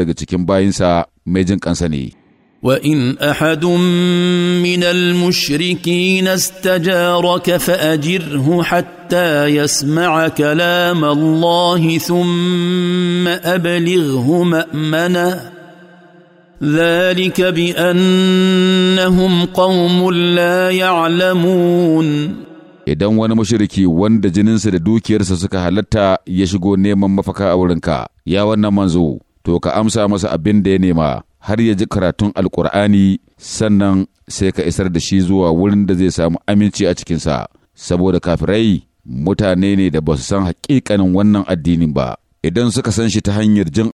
daga cikin bayinsa mai jin kansa ne. وان احد من المشركين استجارك فاجره حتى يسمع كلام الله ثم ابلغه مامنه ذلك بانهم قوم لا يعلمون idan wani mashiriki wanda jininsa da dukiyarsa suka halatta ya shigo neman mafaka a wurinka ya wannan to ka amsa masa abin da ya nema har ya ji karatun alkur'ani sannan sai ka isar da shi zuwa wurin da zai samu aminci a cikinsa saboda kafirai mutane ne da ba su san hakikanin wannan addinin ba idan suka san shi ta hanyar jin